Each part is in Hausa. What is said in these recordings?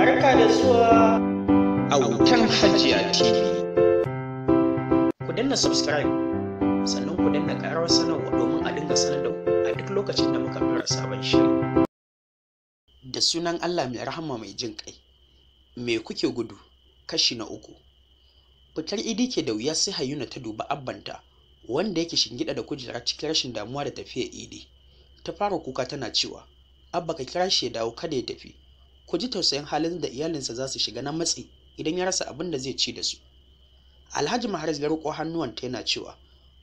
Barka da zuwa autan Hajiya TV. Ku danna subscribe sannan ku danna karar sanarwa domin a dinga sanar da a duk lokacin da muka fara sabon shirin. Da sunan Allah mai rahama mai jin kai. Me kuke gudu? Kashi na uku. Fitar idi ke da wuya sai Hayuna ta duba abbanta wanda yake shingida da kujera cikin rashin damuwa da tafiya idi. Ta fara kuka tana cewa, Abba ka kira shi ya dawo kada ya tafi. ku ji tausayin halin da iyalinsa za su shiga na matsi idan ya rasa abin da zai ci da su alhaji maharaj ya roƙo hannuwanta yana cewa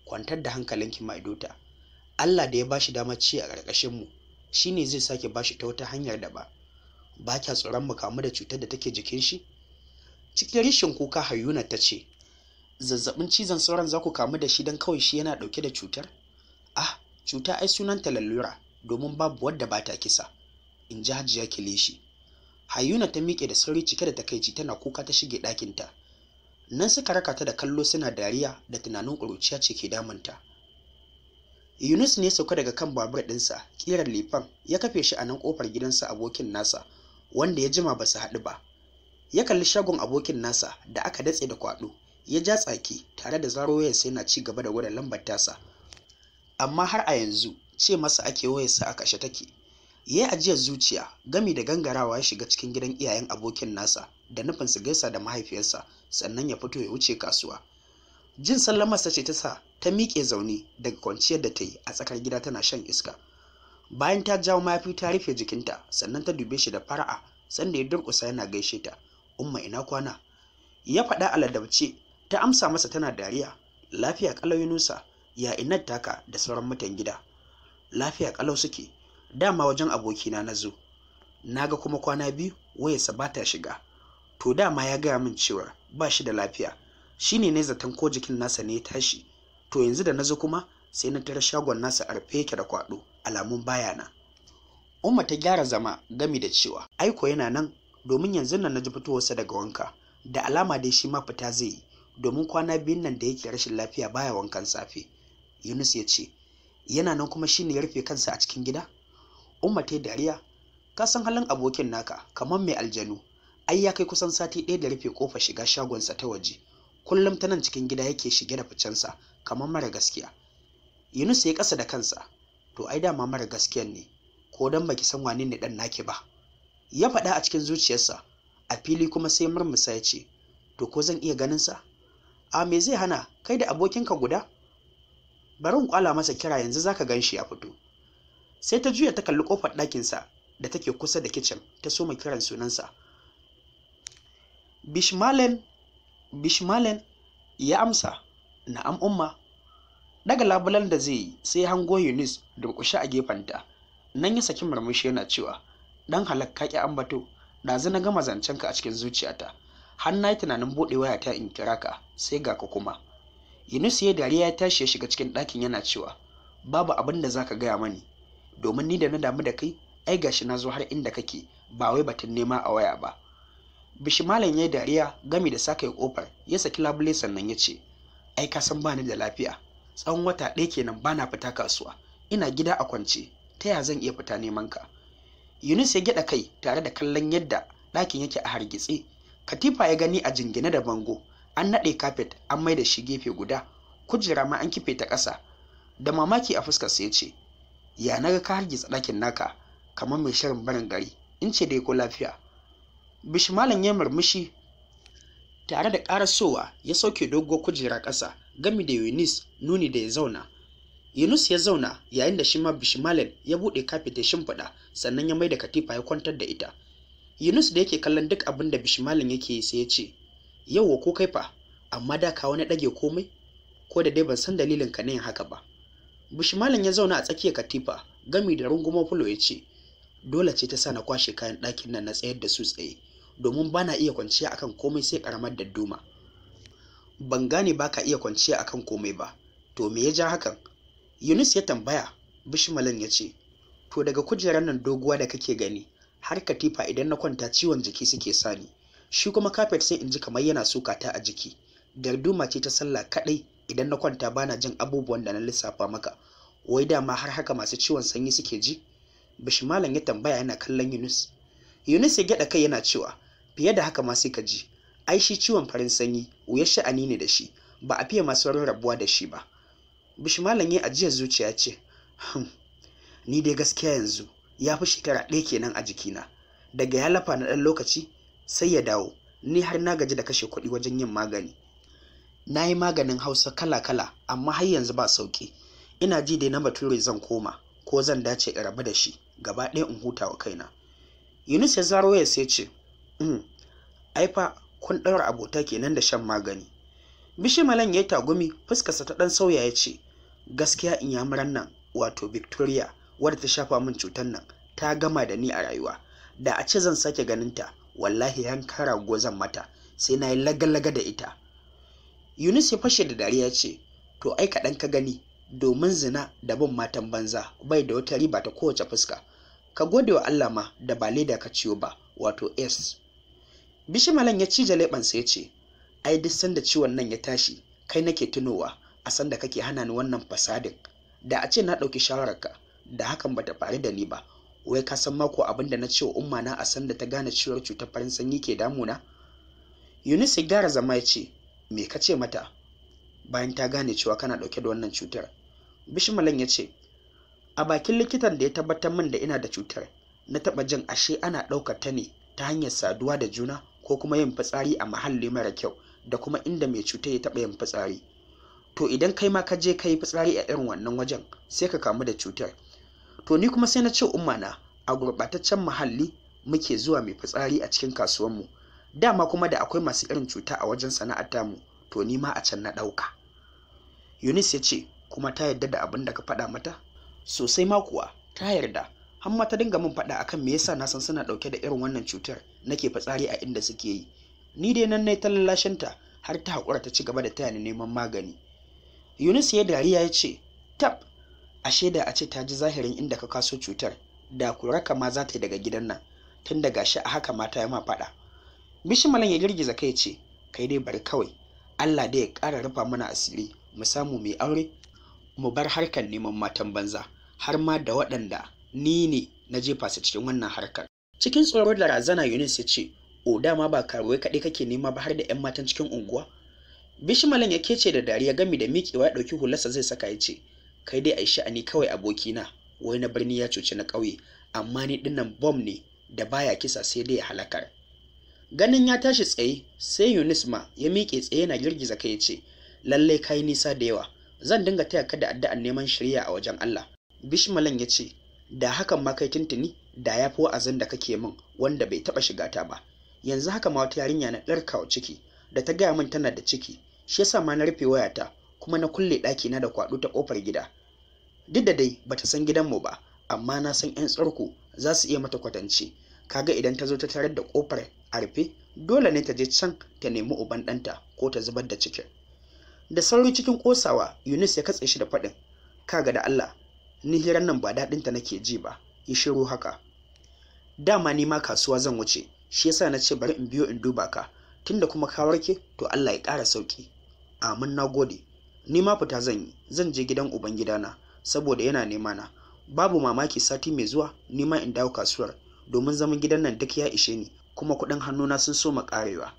kwantar da hankalinki maidota allah da ya ba shi dama ci a ƙarƙashin mu ne zai sake ba shi ta wata hanyar da ba ba kya tsoron mu kamu da cutar da take jikin shi cikin rishin kuka hayuna ta ce zazzabin cizon sauran za ku kamu da shi don kawai shi yana ɗauke da cutar ah cuta ai sunanta lalura, domin babu wadda ba ta kisa in ji hajiya kilishi hayuna ta miƙe da sauri cike da takaici tana kuka ta shige ɗakinta nan suka raka ta da kallo suna dariya da tunanin ƙuruciya ce ke damunta yunus ne sauka daga kan babur ɗinsa ƙirar lifan ya kafe shi a nan ƙofar gidansa abokin nasa wanda ya jima ba su haɗu ba ya kalli shagon abokin nasa da aka datse da kwaɗo ya ja tsaki tare da zaro wayarsa yana ci gaba da gwada lambar tasa amma har a yanzu ce masa ake wayarsa a kashe take ya yi ajiyar zuciya gami da gangarawa ya shiga cikin gidan iyayen abokin nasa da nufin su gaisa da mahaifiyarsa sannan ya fito ya wuce kasuwa jin sallamarsa ce ta sa ta miƙe zaune daga kwanciyar da ta yi a tsakar gida tana shan iska bayan ta jawo mayafi ta rufe jikinta sannan ta dube shi da fara'a sanda ya durƙusa yana gaishe ta umma ina kwana ya faɗa a ladabce ta amsa masa tana dariya lafiya kalau nusa ya inar taka da sauran mutan gida lafiya ƙalau suke dama wajen abokina na zo na ga kuma kwana biyu wayarsa ba ta shiga to dama ya gaya min cewa ba shi da lafiya shine ne zaton ko jikin nasa ne ya tashi to yanzu da na zo kuma sai na tara shagon nasa a rufe yake da kwaɗo alamun baya na umma ta gyara zama gami da cewa aiko yana nan domin yanzu nan na ji fitowarsa daga wanka da alama dai shi ma fita zai yi domin kwana biyun nan da yake rashin lafiya baya wankan safe yunus ya ce yana nan kuma shine ya rufe kansa a cikin gida umma ta dariya ka san halin abokin naka kamar mai aljanu ai ya kai kusan sati ɗaya da rufe ƙofa shiga shagonsa ta waje kullum ta nan cikin gida yake shige da ficensa kamar mara gaskiya yunus ya ƙasa da kansa to ai dama mara gaskiyan ne ko don baki san wane ne dan naki ba ya faɗa a cikin zuciyarsa a fili kuma sai murmusa ya ce to ko zan iya ganin sa a me zai hana kai da abokinka guda bari in kwala masa kira yanzu zaka gan shi ya fito sai ta juya ta kalli kofar ɗakinsa da take kusa da kicin ta soma kiran sunansa bishmalen bishmalen ya amsa na'am umma daga labulan da zai yi sai hango yunis durƙushe a gefenta nan ya saki murmushi yana cewa dan halak ka ki ambato na gama zancenka a cikin zuciyata har na yi tunanin buɗe ta in kira ka sai ga ka kuma yunus ya dariya ya tashi ya shiga cikin ɗakin yana cewa babu abin da zaka gaya mani domin ni da na damu da kai ai gashi na zo har inda kake ba wai batun nema a waya ba bishi malam ya dariya gami da saka kofar ya saki labule sannan ya ce ai ka san bani da lafiya tsawon wata ɗaya kenan bana fita kasuwa ina gida a kwance ta ya zan iya fita neman ka Yunus ya gyada kai tare da kallon yadda ɗakin yake a hargitse katifa ya gani a jingine da bango an naɗe kafet an mai da shi gefe guda kujera ma an kife ta ƙasa da mamaki a fuskar sa ya ce ya na ga ka hargitsa ɗakin naka kamar mai shirin barin gari in ce dai ko lafiya Bishimalin ya murmushi tare da ƙarasowa ya sauke doguwar kujera kasa, gami da yunis nuni da ya zauna yunus ya zauna yayin da shi ma bishimalen ya buɗe kafin ta shimfiɗa sannan ya mai da katifa ya kwantar da ita yunus da yake kallon duk abin da bishimalin yake yi sai ya ce wa ko kai fa amma da ka wani ɗage komai ko da dai ban san dalilin ka na haka ba bushimalin ya zauna a tsakiyar katifa gami da rungumar fulo ya ce, Dole ce ta sa na kwashe kayan ɗakin nan na tsayar da su tsaye, domin ba na iya kwanciya akan komai sai ƙaramar dadduma. Ban gane ba ka iya kwanciya akan komai ba, to me ya ja hakan? Yunus ya tambaya, bushimalin ya ce, To daga kujerar nan doguwa da kake gani, har katifa idan na kwanta ciwon jiki suke sani, shi kuma kafet sai in ji kamar yana suka ta a jiki, darduma ce ta sallah kaɗai idan na kwanta bana jin abubuwan da na lissafa maka wai dama har haka masu ciwon sanyi suke ji bishi malam ya tambaya yana kallon yunus yunus ya gyada kai yana cewa fiye da haka ma sai ka ji ai shi ciwon farin sanyi wuya sha'ani ne da shi ba a fiye masu rarrabuwa da shi ba bishi malam ya ajiyar zuciya ce ni dai gaskiya yanzu ya fi shekara ɗaya kenan a jikina daga ya lafa na ɗan lokaci sai ya dawo ni har na gaji da kashe kuɗi wajen yin magani na yi maganin hausa kala-kala amma har yanzu ba sauki ina ji dai na bature zan koma ko zan dace in rabu da shi gaba ɗaya in huta wa kaina yunus ya zaro ya sai ce mm, ai fa kun ɗaura abota kenan da shan magani bishimalan ya yi tagumi fuskarsa ta ɗan sauya ya ce gaskiya in muran nan wato victoria wadda ta shafa min cutar nan ta gama da ni a rayuwa da a ce zan sake ganinta wallahi yan kara zan mata sai na yi lagalaga da ita Yunus ya fashe da dariya ce, To ai kaɗan ka gani, domin zina da bin matan banza bai da wata riba ta kowace fuska. Ka gode wa Allah ma da ba leda ka ciwo ba, wato S. Bishimalan ya cije leɓansa ya ce, Ai duk sanda ciwon nan ya tashi, kai nake tunowa a sanda kake hana ni wannan fasadin. Da a ce na ɗauki shawararka, da hakan ba ta faru da ni ba, wai ka san mako abin da na ce wa umma na a sanda ta gane ciwon cutar farin sanyi ke damuna? Yunus ya gyara zama ya ce, me ka ce mata bayan ta gane cewa kana ɗauke da wannan cutar Bishimalan ya ce a bakin likitan da ya tabbatar min da ina da cutar na taɓa jin ashe ana ɗaukar ta ne ta hanyar saduwa da juna ko kuma yin fitsari a muhalli mara kyau da kuma inda mai cutar ya taɓa yin fitsari to idan kai ma ka je ka yi fitsari a irin wannan wajen sai ka kamu da cutar to ni kuma sai na ce umma na a gurɓataccen muhalli muke zuwa mai fitsari a cikin kasuwanmu dama kuma da akwai masu irin cuta a wajen sana'ar tamu to ni ma a can na ɗauka yunis ya ce kuma ta yarda da abin da ka faɗa mata sosai ma kuwa ta yarda har ma ta dinga min faɗa akan me yasa na san suna ɗauke da irin wannan cutar nake fitsari a inda suke yi ni dai nan nayi ta lallashinta har ta haƙura ta ci gaba da taya ni neman magani yunus ya dariya ya ce tab ashe da a ce ta ji zahirin inda ka kaso cutar da kuraka ma za ta yi daga gidan nan tun daga shi a haka mata ya ma faɗa malam ya girgiza kai ce kai dai bari kawai allah dai ya kara rufa mana asiri mu samu mai aure mu bar harkar neman matan banza har ma da waɗanda ni ne na jefa su cikin wannan harkar cikin tsoro da razana yunus ya ce o dama ba karuwai kaɗai kake nema ba har da 'yan matan cikin unguwa bishimalan ya kece da dariya gami da miƙewa ya ɗauki hularsa zai saka ya ce kai dai a sha'ani kawai abokina wai na birni ya cuci na ƙauye amma ni dinnan bom ne da baya kisa sai dai ya halakar ganin ya tashi tsaye sai Yunus ma ya miƙe tsaye yana girgiza kai ya ce lalle kai nisa da yawa zan dinga taya ka da addu'ar neman shirya a wajen Allah Bishmalan ya ce da hakan ma kai tuntuni da ya fi wa'azin da kake min wanda bai taɓa shiga ta ba yanzu haka ma wata yarinya na ɗarkawa ciki da ta gaya min tana da ciki shi yasa ma na rufe wayata kuma na kulle ɗaki na da kwaɗo ta ƙofar gida duk da dai bata san gidanmu ba amma na san 'yan tsarku za su iya mata kwatance kaga idan ta zo ta tarar da kofar a rufe dole ne ta je can ta nemi uban ɗanta ko ta zubar da cikin da sauri cikin kosawa yunus ya katse shi da faɗin kaga da allah ni hirar nan ba ta nake ji ba yi shiru haka dama ni ma kasuwa zan wuce shi yasa na ce bari in biyo in duba ka tunda kuma ka warke to allah ya ƙara sauki amin na gode ni ma fita zan yi zan je gidan uban gidana saboda yana nema na babu mamaki sati mai zuwa ni ma in dawo kasuwar domin zaman gidan nan duk ya ishe ni kuma kuɗin hannuna sun so karewa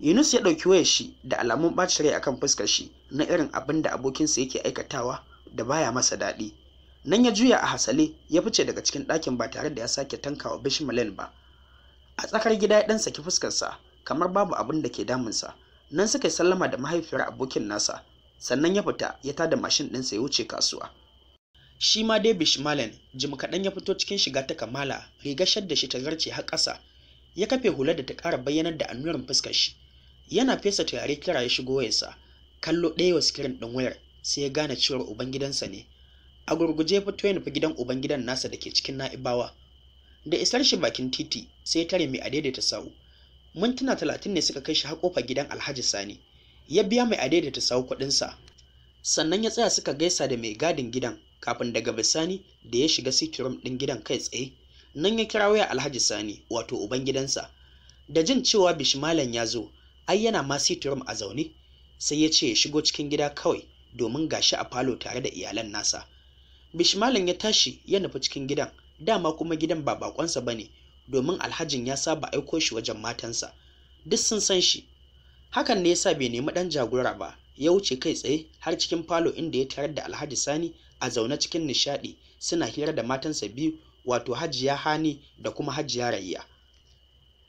Yunus ya ɗauki wayar shi da alamun ɓacin rai akan fuskar shi na irin abin da abokinsa yake aikatawa da baya masa daɗi. Nan ya juya a hasale ya fice daga cikin ɗakin ba tare da ya sake tankawa Bishmalen ba. A tsakar gida ya ɗan saki fuskarsa kamar babu abin da ke damunsa. Nan suka yi sallama da mahaifiyar abokin nasa sannan ya fita ya tada mashin ɗinsa ya wuce kasuwa. shi ma dai bishmalen jim kaɗan ya fito cikin shiga ta kamala rigar shadda shi ta zarce har ƙasa ya kafe hular da ta ƙara bayyanar da annurin fuskar shi yana fesa turare kira ya shigo wayarsa kallo ɗaya wa sikirin ɗin wayar sai ya gane cewar ubangidansa ne a gurguje fito ya nufi gidan ubangidan nasa da ke cikin na'ibawa da isar shi bakin titi sai ya tare mai adaidaita sau mintuna talatin ne suka kai shi har kofa gidan alhaji sani ya biya mai adaidaita sau kuɗinsa sannan ya tsaya suka gaisa da mai gadin gidan kafin daga bisani da ya shiga room din gidan kai tsaye nan ya kira waya alhaji sani wato uban gidansa da jin cewa bishmalan ya zo ai yana ma room a zaune sai ya ce ya shigo cikin gida kawai domin gashi a falo tare da iyalan nasa bishmalan ya tashi ya nufi cikin gidan dama kuma gidan ba bakonsa ba ne domin alhajin ya saba aiko shi wajen matansa duk sun san shi hakan ne yasa bai nemi dan jagora ba ya wuce kai tsaye har cikin falo inda ya tarar da alhaji sani a zaune cikin nishaɗi suna hira da matansa biyu wato hajiya hani da kuma hajiya rayya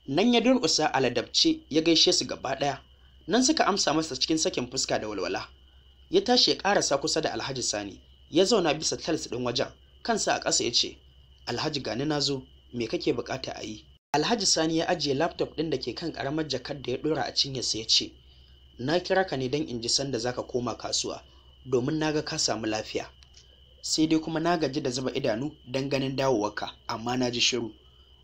nan ya durƙusa a ladabce ya gaishe su gaba ɗaya nan suka amsa masa cikin sakin fuska da walwala ya tashi ya ƙarasa kusa da alhaji sani ya zauna bisa tals ɗin wajen kansa a ƙasa ya ce alhaji gani na zo me kake buƙata a yi alhaji sani ya ajiye laptop ɗin da ke kan ƙaramar jakar da ya ɗora a cinyarsa ya ce na kira ka ne don in ji sanda zaka koma kasuwa domin na ga ka samu lafiya sai dai kuma na gaji da zuba idanu don ganin dawowarka amma na ji shiru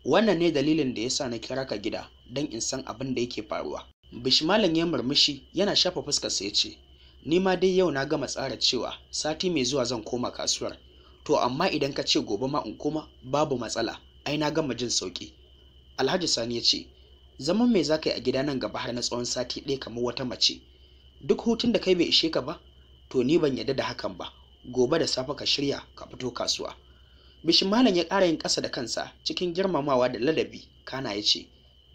wannan ne dalilin da ya sa na kira ka gida don in san abin da yake faruwa bishimalin ya murmushi yana shafa fuskar sa ya ce ni ma dai yau na gama tsara cewa sati mai zuwa zan koma kasuwar to amma idan ka ce gobe ma in koma babu matsala ai na gama jin sauki alhaji sani ya ce zaman mai za ka yi a gida nan gaba har na tsawon sati ɗaya kamar wata mace duk hutun da kai bai ishe ka ba to ni ban yarda da hakan ba gobe da safe ka shirya ka fito kasuwa bishin malam ya ƙara yin ƙasa da kansa cikin girmamawa da ladabi kana ya ce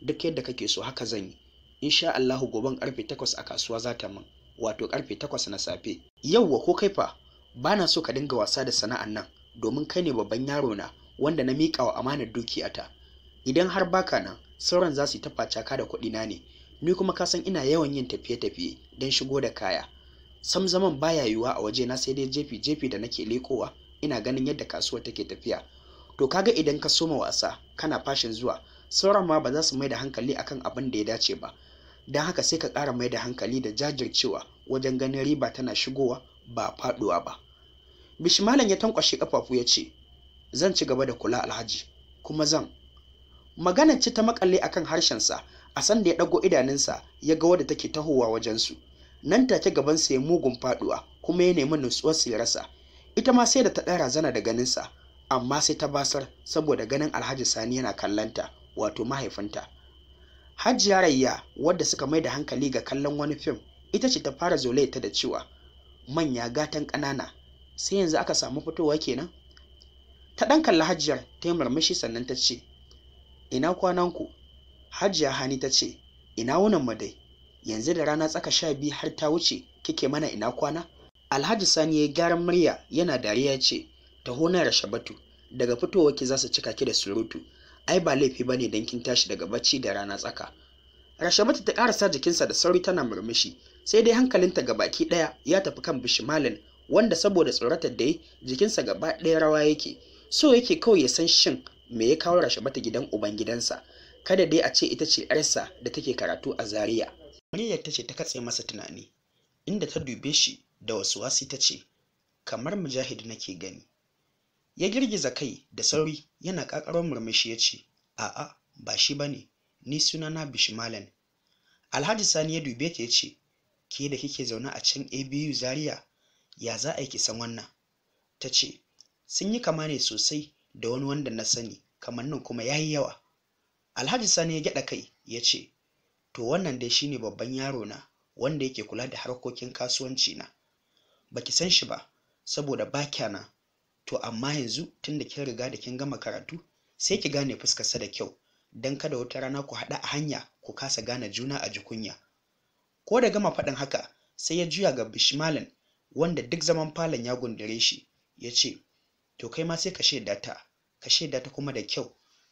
duk yadda kake so haka zan yi insha Allahu goben karfe takwas a kasuwa za ta min wato karfe takwas na safe yauwa ko kai fa Ba na so ka dinga wasa da sana'an nan domin kai ne babban yaro na wanda na miƙa wa amanar dukiyata idan har baka nan sauran za su yi ta facaka da kuɗi na ne ni kuma ka san ina yawan yin tafiye-tafiye don shigo da kaya sam zaman baya yiwuwa a waje na sai dai jefi jefi da nake lekowa ina ganin yadda kasuwar take tafiya to kaga idan ka soma wasa kana fashin zuwa sauran ma ba za su mai da hankali akan abin da ya dace ba don haka sai ka ƙara mai da hankali da jajircewa wajen ganin riba tana shigowa ba faɗuwa ba bishimalan ya tankwashe ƙafafu ya ce zan ci gaba da kula alhaji kuma zan maganar ci ta makalle akan harshen sa, a san da ya ɗago idanunsa ya ga wadda take tahowa wajen su. nan take gaban sa ya mugun faduwa kuma ya nemi nutsuwar ya rasa ita ma sai da ta ɗara zana da ganinsa amma sai ta basar saboda ganin alhaji sani yana kallanta wato mahaifinta hajiya rayya wadda suka mai da hankali ga kallon wani fim ita ce ta fara ta da cewa manya gatan ƙanana sai yanzu aka samu fitowa kenan ta ɗan kalli hajiyar ta yi murmushi sannan ta ce ina kwananku hajiya hani ta ce ina wunan madai yanzu da rana tsaka sha biyu har ta wuce kike mana ina kwana alhaji sani ya gyaran murya yana dariya ce taho na batu, daga fitowa ki za su cika ki da surutu ai ba laifi ba ne don kin tashi daga bacci da rana tsaka rashabatu ta karasa jikinsa da sauri tana murmushi sai dai hankalinta ga baki ɗaya ya tafi kan bishimalin wanda saboda tsoratar da jikinsa gaba ɗaya rawa yake so yake kawai ya san shin me ya kawo rashabatu gidan ubangidansa kada dai a ce ita ce 'yarsa da take karatu a zaria muryar ta ce ta katse masa tunani inda ta dube shi da wasu wasi ta ce kamar mujahid nake gani ya girgiza kai da sauri yana ƙaƙarar murmushi ya ce a'a ba shi ba ne ni suna sunana bishmalan alhaji sani ya dube ta ya ce ke da kike zaune a can abu zaria ya za a yi kisan wannan ta ce sun yi kama ne sosai da wani wanda na sani kamar nan kuma ya yi yawa alhaji sani ya gyaɗa kai ya ce to wannan dai shine babban yaro na wanda yake kula da harkokin kasuwanci na baki san shi ba saboda bakya na, to amma yanzu tunda kin riga da kin gama karatu sai ki gane sa da kyau dan kada wata rana ku haɗa a hanya ku kasa gane juna a jikunya ko da gama faɗin haka sai ya juya ga bishmalin wanda duk zaman falon ya gundure shi ya ce to kai ma sai ka shaida ta ka shaida ta kuma da kyau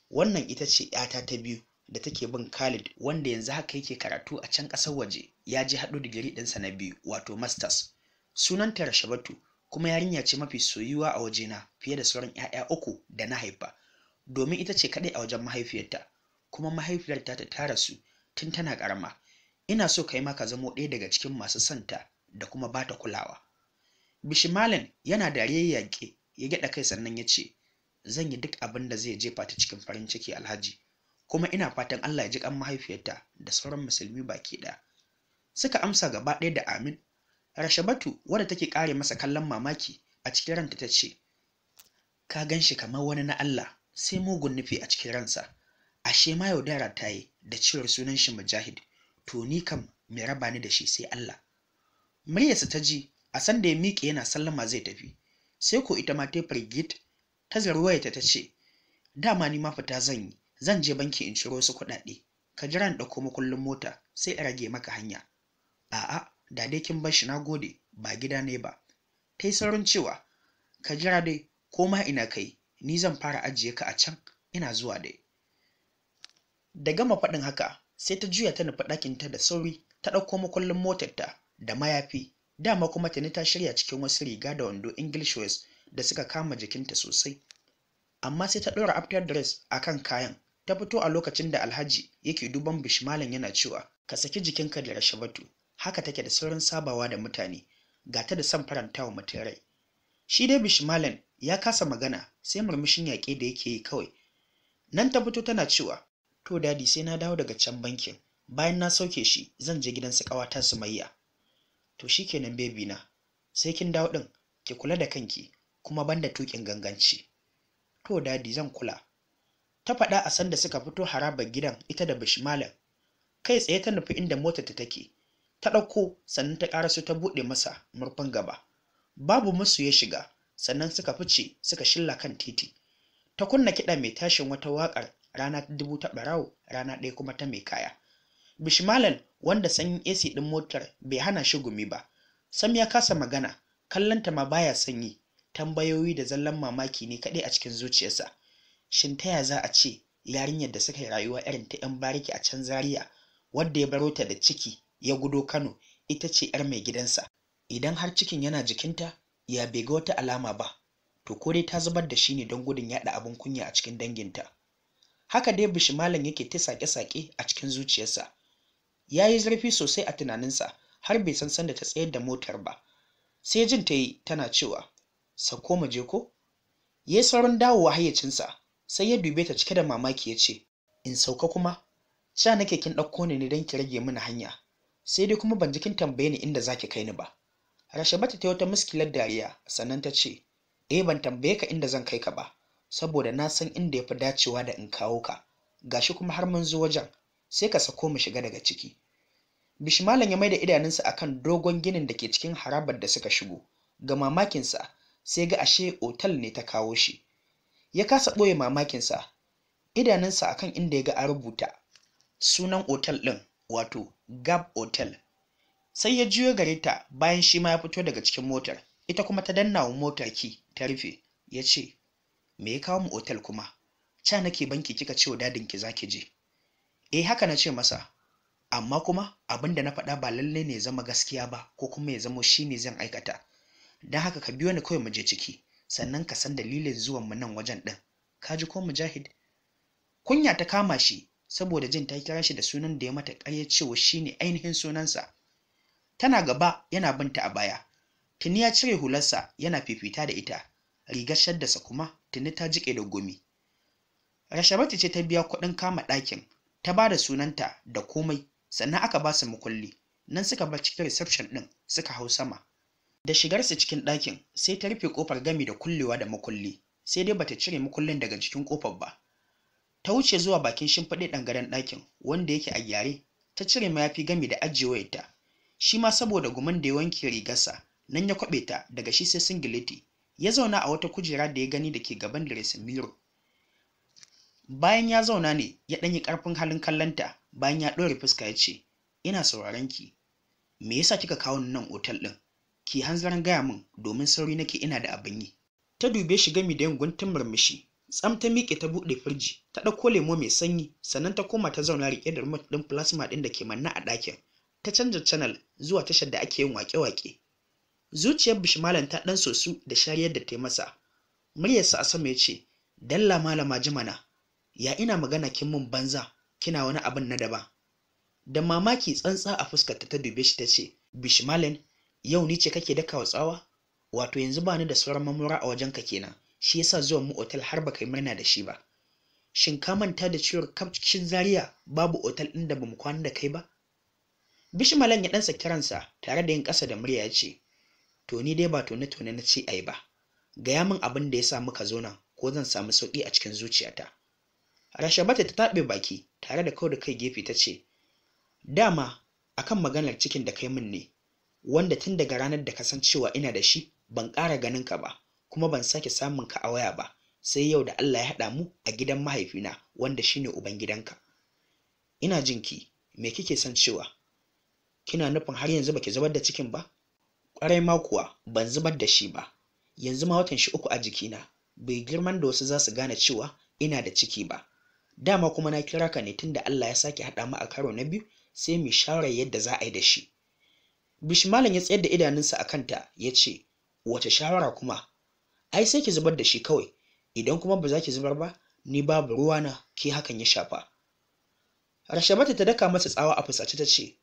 wannan ita ce 'yata ta biyu da take bin Khalid wanda yanzu haka yake karatu a can ƙasar waje ya ji haɗu digiri ɗinsa na biyu wato masters sunanta Rashabatu kuma yarinya ce mafi soyuwa a wajena fiye da sauran 'ya'ya uku da na haifa domin ita ce kaɗai a wajen mahaifiyarta kuma mahaifiyarta ta tara su tun tana ƙarama ina so kai ma ka zamo ɗaya daga cikin masu santa da kuma ba ta kulawa bishimalin yana dariya yaƙe ya gyaɗa kai sannan ya ce zan yi duk abin da zai jefa ta cikin farin ciki alhaji kuma ina fatan Allah ya ji kan mahaifiyarta da sauran musulmi baki ɗaya. Suka amsa gaba ɗaya da amin. Rashabatu wadda take kare masa kallon mamaki a cikin ranta ta ce, Ka gan shi kamar wani na Allah sai mugun nufi a cikin ransa. Ashe ma yaudara ta yi da cewar sunan shi mujahid, to ni kam mai raba ni da shi sai Allah. Muryarsa ta ji a sanda ya miƙe yana sallama zai tafi, sai ko ita ma ta firgit ta zarwayarta ta ce, Dama ni ma fita zan yi, zan je banki in ciro su kuɗaɗe ka jira in ɗauko makullin mota sai in rage maka hanya a'a da dai kin bar shi na gode ba gida ne ba ta yi saurin cewa ka jira dai ko ma ina kai ni zan fara ajiye ka a can ina zuwa dai da gama faɗin haka sai ta juya ta nufi ɗakinta da sauri ta ɗauko makullin motarta da mayafi dama kuma ni ta shirya cikin wasu riga da wando english west da suka kama jikinta sosai amma sai ta ɗora after dress a kan kayan ta fito a lokacin da alhaji yake duban Bishimalan yana cewa ka saki jikinka da rashabatu haka take da saurin sabawa da mutane ga ta da son farantawa mutum rai shi dai Bishimalan ya kasa magana sai murmushin yaƙe da yake yi kawai nan ta fito tana cewa to dadi sai na dawo daga can bankin bayan na sauke shi zan je gidan su ƙawata su mayya to shikenan bebi na sai kin dawo din ki kula da kanki kuma banda tukin ganganci to dadi zan kula ta faɗa a sanda suka fito harabar gidan ita da bishmalan kai tsaye ta nufi inda motar ta take ta ɗauko sannan ta su ta buɗe masa murfin gaba babu musu ya shiga sannan suka fice suka shilla kan titi ta kunna kiɗa mai tashin wata waƙar rana ta dubu ta ɓarawo rana ɗaya kuma ta mai kaya bishmalan wanda sanyin ac ɗin motar bai hana shi gumi ba sam ya kasa magana kallonta ma baya sanyi tambayoyi da zallan mamaki ne kaɗai a cikin zuciyarsa shin taya za a ce yarinyar da suka yi rayuwa irin ta 'yan bariki a can zaria wadda ya baro ta da ciki ya gudo kano ita ce 'yar mai gidansa idan har cikin yana jikinta ya bai ga wata alama ba to ko dai ta zubar da shi ne don gudun yaɗa abin kunya a cikin danginta haka dai bishi malam yake ta sake-sake a cikin zuciyarsa ya yi zurfi sosai a tunaninsa har bai san san da ta tsayar da motar ba sai jin ta yi tana cewa sako mu je ko ya saurin dawowa hayyacinsa sai ya dube ta cike da mamaki ya ce in sauka kuma sha nake kin ɗauko ni ne don ki rage mini hanya sai dai kuma ban ji kin tambaye ni inda zaki kai ni ba bata ta wata muskilar dariya sannan ta ce eh ban tambaye ka inda zan kai ka ba saboda na san inda ya fi dacewa da in kawo ka gashi kuma har mun zo wajen sai ka sako mu shiga daga ciki bishmalan ya maida idanunsa akan dogon ginin da ke cikin harabar da suka shigo ga mamakinsa sai ga ashe otal ne ta kawo shi ya kasa ɓoye mamakinsa idanunsa akan inda ya ga a rubuta sunan otal ɗin wato gab otal sai ya juyo gare ta bayan shi ma ya fito daga cikin motar ita kuma ta danna wa motar ki ta rufe ya ce me ya kawo mu otal kuma ca nake banki kika ce wa dadin ki zaki je eh haka na ce masa amma kuma abin da na faɗa ba lalle ne ya zama gaskiya ba ko kuma ya zama shi ne zan aikata don haka ka biyo ni kawai mu je ciki sannan ka san dalilin zuwan mu nan wajen ɗin ka ji ko mujahid kunya ta kama shi saboda jin ta kira shi da sunan da ya mata ƙarya cewa shine ainihin sunansa tana gaba yana binta a baya tuni ya cire hularsa yana fifita da ita rigar shaddarsa kuma tuni ta jike da gumi rashabatu ce ta biya kuɗin kama ɗakin ta ba da sunanta da komai sannan aka ba su mukulli nan suka bar cikin reception ɗin suka hau sama Da shigarsa cikin ɗakin sai ta rufe ƙofar gami da kullewa da makulli, sai dai bata cire makullin daga cikin ƙofar ba. Ta wuce zuwa bakin shimfiɗe ɗangaren ɗakin wanda yake a gyare, ta cire mayafi gami da ajiye wayarta. Shi ma saboda gumin da ya wanke rigarsa, nan ya kwaɓe ta daga shi sai singileti. Ya zauna a wata kujera da ya gani da ke gaban diresin miro. Bayan ya zauna ne ya ɗanyi ƙarfin halin kallonta bayan ya ɗore fuska ya ce, Ina sauraron ki, me yasa kika kawo nan otal ɗin? ki hanzarin gaya min domin sauri nake ina da abin yi ta dube shi gami da yin guntun murmushi tsam ta miƙe ta buɗe firji ta ɗauko lemo mai sanyi sannan ta koma ta zauna riƙe da remote ɗin plasma ɗin da ke manna a ɗakin ta canza channel zuwa tashar da ake yin waƙe-waƙe zuciyar bishmalan ta ɗan sosu da shariyar da ta masa muryarsa a sama ya ce dalla malama jimana ya ina magana kin mun banza kina wani abin na daban da mamaki tsantsa a fuskarta ta dube shi ta ce bishmalen yau ni ce kake daka wa tsawa wato yanzu ba ni da sauran mamura a wajenka kenan shi yasa zuwa mu otal har baka yi murna da shi ba shin ka manta da ciwon kaf cikin zaria babu otal ɗin da bamu kwana da kai ba malan ya ɗansa kiransa tare da yin ƙasa da murya ya ce to ni dai ba tone tone na ce ai ba gaya min abin da ya sa muka zo nan ko zan samu sauƙi a cikin zuciyata rashabata ta taɓe baki tare da kawai da kai gefe ta ce dama akan maganar cikin da kai min ne wanda tun daga ranar da ka san cewa ina da shi ban ƙara ganin ka ba kuma ban sake samun ka a waya ba sai yau da Allah ya haɗa mu a gidan mahaifina wanda shine uban gidanka ina jin ki me kike san cewa kina nufin har yanzu baki zubar da cikin ba ƙwarai ma kuwa ban zubar da shi ba yanzu ma watan shi uku a jikina bai girman da wasu za su gane cewa ina da ciki ba dama kuma na kira ka ne tunda Allah ya sake haɗa mu a karo na biyu sai mu share yadda za a yi da shi bishmalan ya tsayar da idanunsa a kanta ya ce wace shawara kuma ai sai ki zubar da shi kawai idan kuma ba za ki zubar ba ni babu ruwa na ke hakan ya shafa rashabata ta daka masa tsawa a fusace ta ce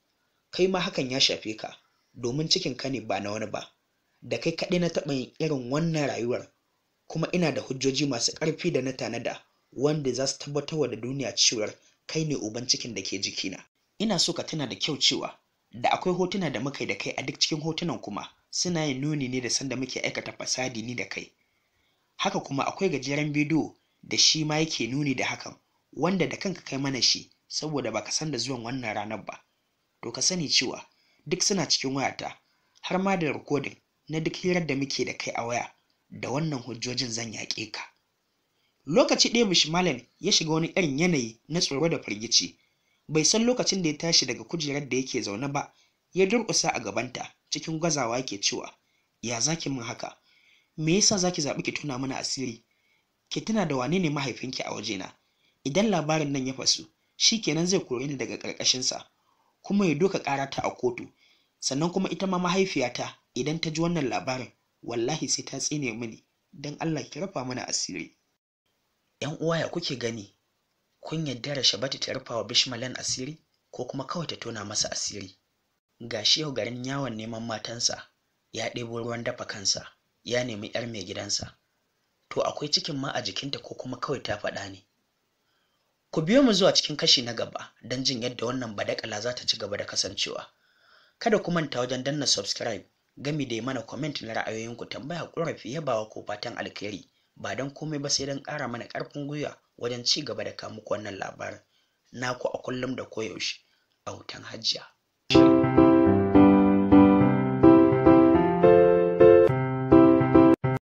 kai ma hakan ya shafe ka domin cikin ka ne ba na wani ba da kai kaɗai na taɓa yin irin wannan rayuwar kuma ina da hujjoji masu ƙarfi da na tanada wanda za su tabbatar da duniya cewar kai ne uban cikin da ke jikina ina so ka tana da kyau cewa da akwai hotuna da muka yi da kai a duk cikin hotunan kuma suna yin nuni ne da sanda muke aikata fasadi ni da kai haka kuma akwai gajeren bidiyo da shi ma yake nuni da hakan wanda da kanka kai mana shi saboda baka san da zuwan wannan ranar ba to ka sani cewa duk suna cikin wayata har ma da rikodin na duk hirar da muke da kai a waya da wannan hujjojin zan yaƙe ka lokaci ɗaya malam ya shiga wani irin yanayi na tsoro da firgici bai san lokacin da ya tashi daga kujerar da yake zaune ba ya durƙusa a gabanta cikin gwazawa yake cewa ya zaki min haka me yasa zaki zaɓi ki tuna mana asiri ki tuna da wane ne mahaifinki a wajena idan labarin nan ya fasu shi kenan zai kore ni daga ƙarƙashinsa kuma ya doka ƙarata a kotu sannan kuma ita ma mahaifiyata idan ta ji wannan labarin wallahi sai ta tsine mini don allah ki rafa mana asiri yan uwa ya kuke gani kun yadda rashabatu ta rufa wa bishmalan asiri ko kuma kawai ta tona masa asiri gashi yau garin yawon neman matansa ya ɗebo ruwan dafa kansa ya nemi 'yar mai gidansa to akwai cikin ma a jikinta ko kuma kawai ta faɗa ne ku biyo mu zuwa cikin kashi na gaba don jin yadda wannan badakala za ta ci gaba da kasancewa kada ku manta wajen danna subscribe gami da mana comment na ra'ayoyinku tambaya ƙorafi yabawa ko fatan alkhairi ba don komai ba sai don ƙara mana ƙarfin gwiwa wajen ci gaba da kawo muku wannan labarin naku a kullum da koyaushe a hutan hajiya.